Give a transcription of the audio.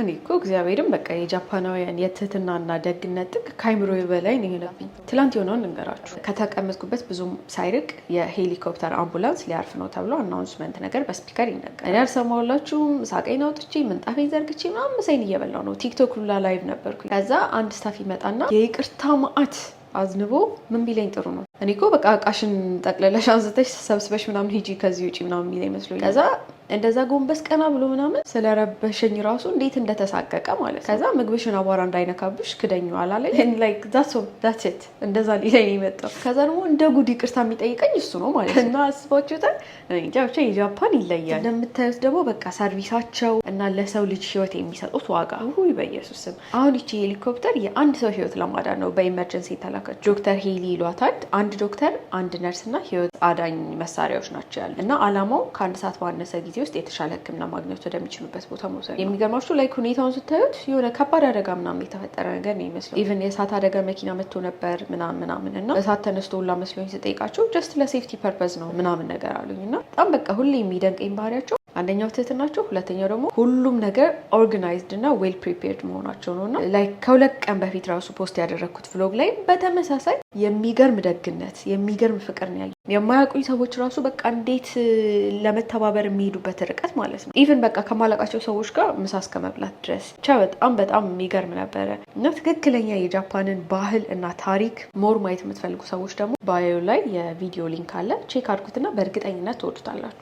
እኔ እኮ እግዚአብሔርም በቃ የጃፓናውያን የትህትናና ደግነት ጥግ ከአይምሮ በላይ ነው የሆነብኝ። ትላንት የሆነውን ልንገራችሁ። ከተቀመጥኩበት ብዙም ሳይርቅ የሄሊኮፕተር አምቡላንስ ሊያርፍ ነው ተብሎ አናውንስመንት ነገር በስፒከር ይነገር። እኔ አልሰማሁላችሁም። ሳቀኝ አውጥቼ ምንጣፌን ዘርግቼ ምናምን ምሳዬን እየበላሁ ነው። ቲክቶክ ሉላ ላይቭ ነበርኩ። ከዛ አንድ ስታፍ ይመጣና የይቅርታ ማአት አዝንቦ ምን ቢለኝ ጥሩ ነው እኔ እኮ በቃ እቃሽን ጠቅለለሽ አንስተሽ ሰብስበሽ ምናምን ሂጂ ከዚህ ውጪ ምናምን የሚል ይመስሉ። ከዛ እንደዛ ጎንበስ ቀና ብሎ ምናምን ስለረበሸኝ ራሱ እንዴት እንደተሳቀቀ ማለት ነው። ከዛ ምግብሽን አቧራ እንዳይነካብሽ ክደኝ አላለኝ። ላይክ ዛት ዛት ኢት እንደዛ ሊለኝ የመጣው ከዛ ደግሞ እንደ ጉድ ይቅርታ የሚጠይቀኝ እሱ ነው ማለት ነው። እና አስባችሁታል። እንጃ ብቻ የጃፓን ይለያል። እንደምታዩት ደግሞ በቃ ሰርቪሳቸው እና ለሰው ልጅ ህይወት የሚሰጡት ዋጋ ሁሉ በኢየሱስ አሁን ይቺ ሄሊኮፕተር የአንድ ሰው ህይወት ለማዳን ነው በኢመርጀንሲ የተላከች። ዶክተር ሄሊ ይሏታል። አንድ ዶክተር፣ አንድ ነርስ እና ህይወት አዳኝ መሳሪያዎች ናቸው ያለ እና አላማው ከአንድ ሰዓት ባነሰ ጊዜ ውስጥ የተሻለ ህክምና ማግኘት ወደሚችሉበት ቦታ መውሰድ። የሚገርማችሁ ላይ ሁኔታውን ስታዩት የሆነ ከባድ አደጋ ምናምን የተፈጠረ ነገር ነው ይመስለው። ኢቨን የእሳት አደጋ መኪና መጥቶ ነበር ምናምን ምናምን እና እሳት ተነስቶ ሁላ መስሎኝ ስጠይቃቸው ጀስት ለሴፍቲ ፐርፐዝ ነው ምናምን ነገር አሉኝ እና በጣም በቃ ሁሌ የሚደንቀኝ ባህሪያቸው አንደኛው ትህትናቸው፣ ሁለተኛው ደግሞ ሁሉም ነገር ኦርጋናይዝድ እና ዌል ፕሪፔርድ መሆናቸው ነው እና ላይ ከሁለት ቀን በፊት ራሱ ፖስት ያደረግኩት ቭሎግ ላይ በተመሳሳይ የሚገርም ደግነት፣ የሚገርም ፍቅር ነው የማያውቁኝ ሰዎች ራሱ በቃ እንዴት ለመተባበር የሚሄዱበት ርቀት ማለት ነው። ኢቨን በቃ ከማላቃቸው ሰዎች ጋር ምሳ እስከ መብላት ድረስ ብቻ በጣም በጣም የሚገርም ነበረ እና ትክክለኛ የጃፓንን ባህል እና ታሪክ ሞር ማየት የምትፈልጉ ሰዎች ደግሞ ባዮ ላይ የቪዲዮ ሊንክ አለ። ቼክ አድርጉትና በእርግጠኝነት ትወዱታላችሁ።